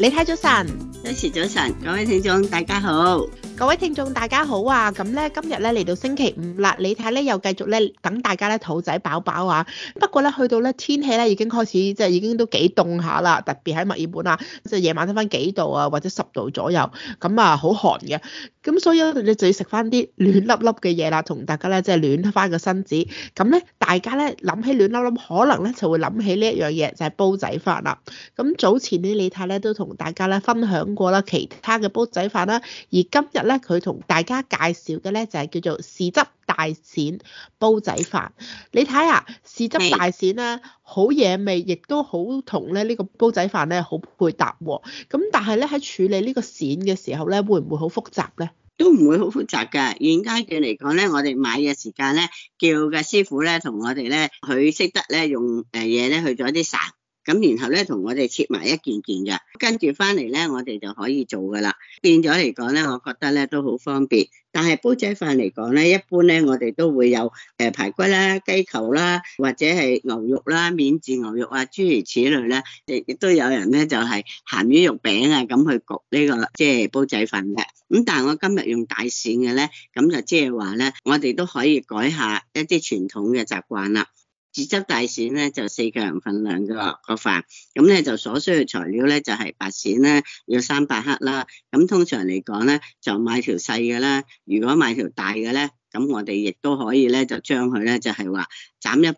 李太早晨，多謝早晨，各位聽眾大家好，各位聽眾大家好啊，咁咧今日咧嚟到星期五啦，李太咧又繼續咧等大家咧肚仔飽飽啊，不過咧去到咧天氣咧已經開始即係已經都幾凍下啦，特別喺墨爾本啊，即係夜晚得返幾度啊或者十度左右，咁啊好寒嘅。咁所以咧，你就要食翻啲暖粒粒嘅嘢啦，同大家咧即係暖翻個身子。咁咧，大家咧諗起暖粒粒，可能咧就會諗起呢一樣嘢，就係煲仔飯啦。咁早前咧，李太咧都同大家咧分享過啦，其他嘅煲仔飯啦，而今日咧佢同大家介紹嘅咧就係叫做豉汁，大鱔煲仔飯，你睇下豉汁大鱔咧好野味，亦都好同咧呢個煲仔飯咧好配搭喎、啊。咁但係咧喺處理呢個鱔嘅時候咧，會唔會好複雜咧？都唔會好複雜噶，現階段嚟講咧，我哋買嘅時間咧，叫嘅師傅咧同我哋咧，佢識得咧用誒嘢咧去咗啲散。咁然後咧，同我哋切埋一件件嘅，跟住翻嚟咧，我哋就可以做㗎啦。變咗嚟講咧，我覺得咧都好方便。但係煲仔飯嚟講咧，一般咧我哋都會有誒排骨啦、雞球啦，或者係牛肉啦、免治牛肉啊、諸如此類啦。亦亦都有人咧就係、是、鹹魚肉餅啊咁去焗呢、這個即係、就是、煲仔飯嘅。咁但係我今日用大線嘅咧，咁就即係話咧，我哋都可以改一下一啲傳統嘅習慣啦。自製大鱔咧就四個人份量嘅啦個飯，咁咧就所需嘅材料咧就係、是、白鱔咧要三百克啦，咁通常嚟講咧就買條細嘅啦，如果買條大嘅咧，咁我哋亦都可以咧就將佢咧就係話斬一半，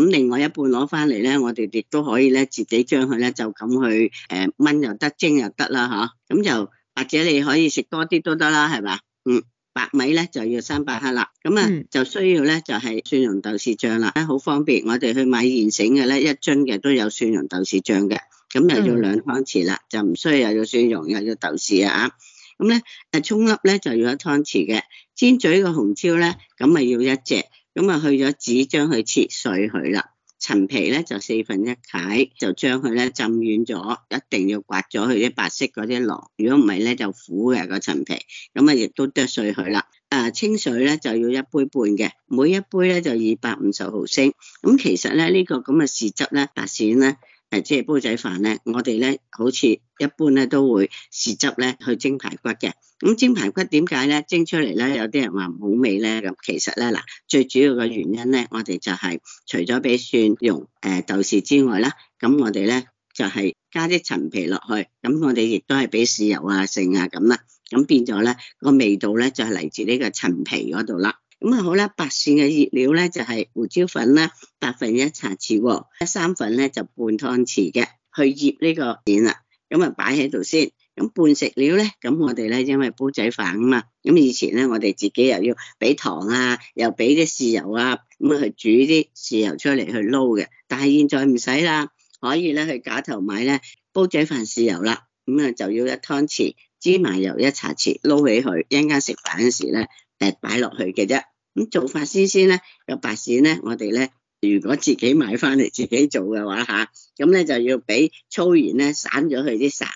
咁另外一半攞翻嚟咧我哋亦都可以咧自己將佢咧就咁去誒炆、呃、又得蒸又得啦吓，咁就或者你可以食多啲都得啦係嘛，嗯。白米咧就要三百克啦，咁啊就需要咧就係蒜蓉豆豉醬啦，咧好方便，我哋去買現成嘅咧一樽嘅都有蒜蓉豆豉醬嘅，咁又要兩湯匙啦，就唔需要又要蒜蓉又要豆豉啊，咁咧誒蔥粒咧就要一湯匙嘅，尖嘴嘅紅椒咧咁啊要一隻，咁啊去咗紙張去切碎佢啦。陳皮咧就四分一解，就將佢咧浸軟咗，一定要刮咗佢啲白色嗰啲囊，如果唔係咧就苦嘅個陳皮，咁啊亦都剁碎佢啦。啊，清水咧就要一杯半嘅，每一杯咧就二百五十毫升。咁其實咧呢個咁嘅豉汁咧，白鱔咧。誒，即係煲仔飯咧，我哋咧好似一般咧都會豉汁咧去蒸排骨嘅。咁蒸排骨點解咧？蒸出嚟咧，有啲人話唔好味咧。咁其實咧嗱，最主要嘅原因咧，我哋就係除咗俾蒜蓉、誒、呃、豆豉之外啦，咁我哋咧就係、是、加啲陳皮落去，咁我哋亦都係俾豉油啊、剩啊咁啦，咁變咗咧、那個味道咧就係、是、嚟自呢個陳皮嗰度啦。咁啊好啦，白蒜嘅醃料咧就係、是、胡椒粉啦，百分一茶匙，一三粉咧就半湯匙嘅去醃呢個面啦。咁啊擺喺度先。咁半食料咧，咁我哋咧因為煲仔飯啊嘛，咁以前咧我哋自己又要俾糖啊，又俾啲豉油啊，咁啊去煮啲豉油出嚟去撈嘅。但係現在唔使啦，可以咧去假頭買咧煲仔飯豉油啦。咁啊就要一湯匙芝麻油，一茶匙撈起佢，一陣間食飯嗰時咧。誒，擺落去嘅啫。咁做法先先咧，個白鱔咧，我哋咧如果自己買翻嚟自己做嘅話吓，咁、啊、咧就要俾粗鹽咧散咗佢啲沙，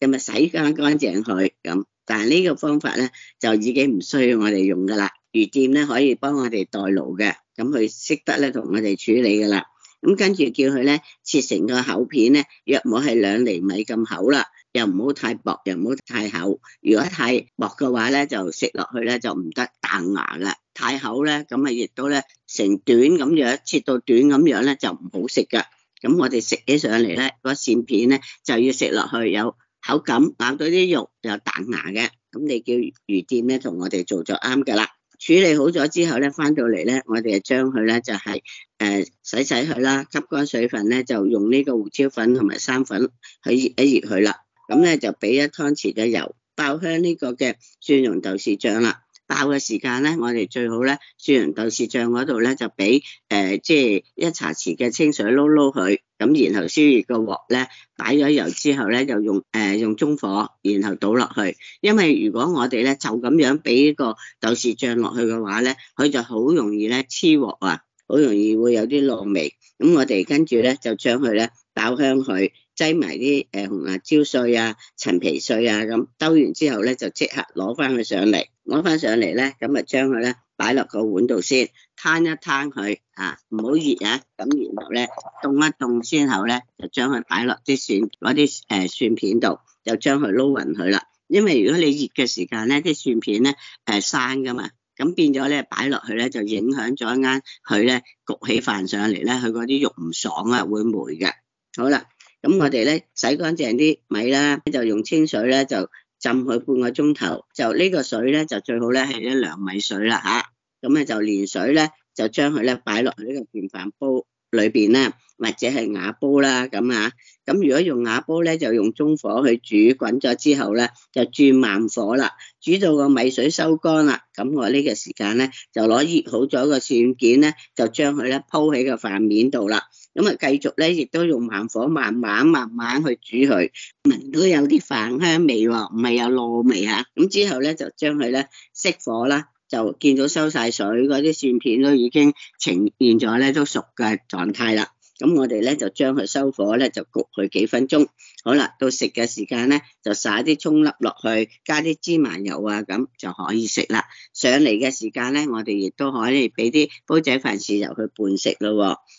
咁啊洗乾乾淨佢。咁但係呢個方法咧就已經唔需要我哋用噶啦，魚店咧可以幫我哋代勞嘅，咁佢識得咧同我哋處理噶啦。咁、啊、跟住叫佢咧切成個厚片咧，約莫係兩厘米咁厚啦。又唔好太薄，又唔好太厚。如果太薄嘅話咧，就食落去咧就唔得彈牙啦。太厚咧，咁啊亦都咧成段咁樣，切到段咁樣咧就唔好食噶。咁我哋食起上嚟咧，個鱔片咧就要食落去有口感，咬到啲肉有彈牙嘅。咁你叫魚店咧同我哋做咗啱噶啦，處理好咗之後咧，翻到嚟咧，我哋就將佢咧就係、是、誒、呃、洗洗佢啦，吸乾水分咧就用呢個胡椒粉同埋生粉去醃一醃佢啦。咁咧就俾一湯匙嘅油爆香呢個嘅蒜蓉豆豉醬啦。爆嘅時間咧，我哋最好咧蒜蓉豆豉醬嗰度咧就俾誒，即係一茶匙嘅清水撈撈佢。咁然後燒熱個鑊咧，擺咗油之後咧，就用誒、呃、用中火，然後倒落去。因為如果我哋咧就咁樣俾呢個豆豉醬落去嘅話咧，佢就好容易咧黐鑊啊，好容易會有啲燶味。咁我哋跟住咧就將佢咧。爆香佢，擠埋啲誒紅辣椒碎啊、陳皮碎啊，咁兜完之後咧就即刻攞翻佢上嚟，攞翻上嚟咧，咁啊將佢咧擺落個碗度先，攤一攤佢啊，唔好熱啊，咁然後咧凍一凍之後咧就將佢擺落啲蒜，啲誒蒜片度，就將佢撈匀佢啦。因為如果你熱嘅時間咧，啲蒜片咧誒生噶嘛，咁變咗咧擺落去咧就影響咗一陣間佢咧焗起飯上嚟咧，佢嗰啲肉唔爽啊，會霉嘅。好啦，咁我哋咧洗乾淨啲米啦，就用清水咧就浸佢半個鐘頭，就呢個水咧就最好咧係啲涼米水啦吓，咁、啊、咧就連水咧就將佢咧擺落去呢個電飯煲。裏邊咧，或者係瓦煲啦，咁啊，咁如果用瓦煲咧，就用中火去煮，滾咗之後咧，就轉慢火啦，煮到個米水收乾啦，咁我呢個時間咧，就攞熱好咗個蒜件咧，就將佢咧鋪喺個飯面度啦，咁啊繼續咧，亦都用慢火慢慢慢慢去煮佢，聞到有啲飯香味喎、哦，唔係有糯味吓、啊，咁之後咧就將佢咧熄火啦。就見到收晒水，嗰啲蒜片都已經呈現咗咧，都熟嘅狀態啦。咁我哋咧就將佢收火咧，就焗佢幾分鐘。好啦，到食嘅時間咧，就撒啲蔥粒落去，加啲芝麻油啊，咁就可以食啦。上嚟嘅時間咧，我哋亦都可以俾啲煲仔飯豉油去拌食咯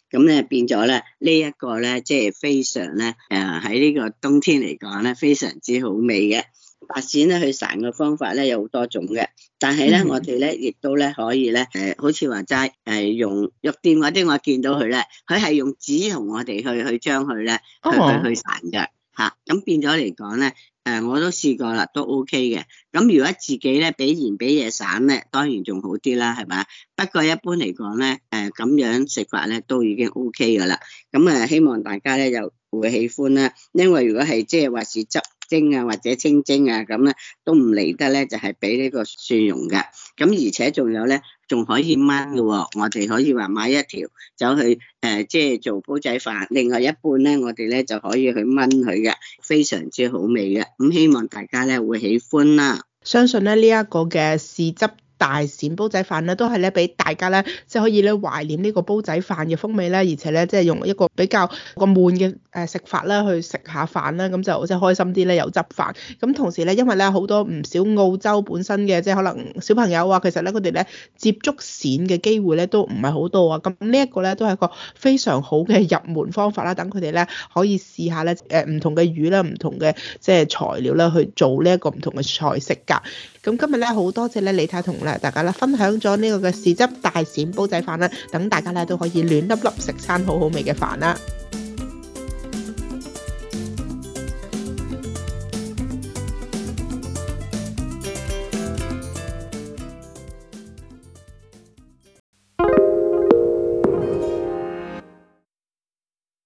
喎。咁咧變咗咧，呢一個咧即係非常咧，誒喺呢個冬天嚟講咧，非常之好味嘅。白線咧去散嘅方法咧有好多種嘅，但係咧、mm hmm. 我哋咧亦都咧可以咧，誒，好似話齋，係用肉店嗰啲我見到佢咧，佢係用紙同我哋去去將佢咧去去散嘅，吓、oh. 啊，咁變咗嚟講咧，誒，我都試過啦，都 OK 嘅，咁如果自己咧俾鹽俾嘢散咧，當然仲好啲啦，係咪？不過一般嚟講咧，誒、啊，咁樣食法咧都已經 OK 噶啦，咁啊，希望大家咧就會喜歡啦，因為如果係即係話是執。就是蒸啊或者清蒸啊咁咧都唔嚟得咧，就係俾呢個蒜蓉嘅。咁而且仲有咧，仲可以炆嘅，哦。我哋可以話買一條走去誒，即、呃、係做煲仔飯。另外一半咧，我哋咧就可以去炆佢嘅，非常之好味嘅。咁、嗯、希望大家咧會喜歡啦。相信咧呢一個嘅豉汁。大鱔煲仔飯咧，都係咧俾大家咧，即係可以咧懷念呢個煲仔飯嘅風味咧，而且咧即係用一個比較個悶嘅誒食法啦，去食下飯啦，咁就即係開心啲咧，有汁飯。咁同時咧，因為咧好多唔少澳洲本身嘅即係可能小朋友啊，其實咧佢哋咧接觸鱔嘅機會咧都唔係好多啊。咁呢一個咧都係一個非常好嘅入門方法啦，等佢哋咧可以試下咧誒唔同嘅魚啦，唔同嘅即係材料啦，去做呢一個唔同嘅菜式㗎。咁今日咧好多謝咧李太同大家啦，分享咗呢個嘅豉汁大鱔煲仔飯啦，等大家咧都可以暖粒粒食餐好好味嘅飯啦。